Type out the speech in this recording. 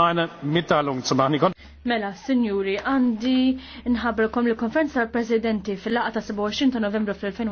Għana mittalung tsamaħni kon. Mela, signori, għandi nħabrakom l-konferenza tal-presidenti fil-laqa ta' 27 ta' novembru fil-2024.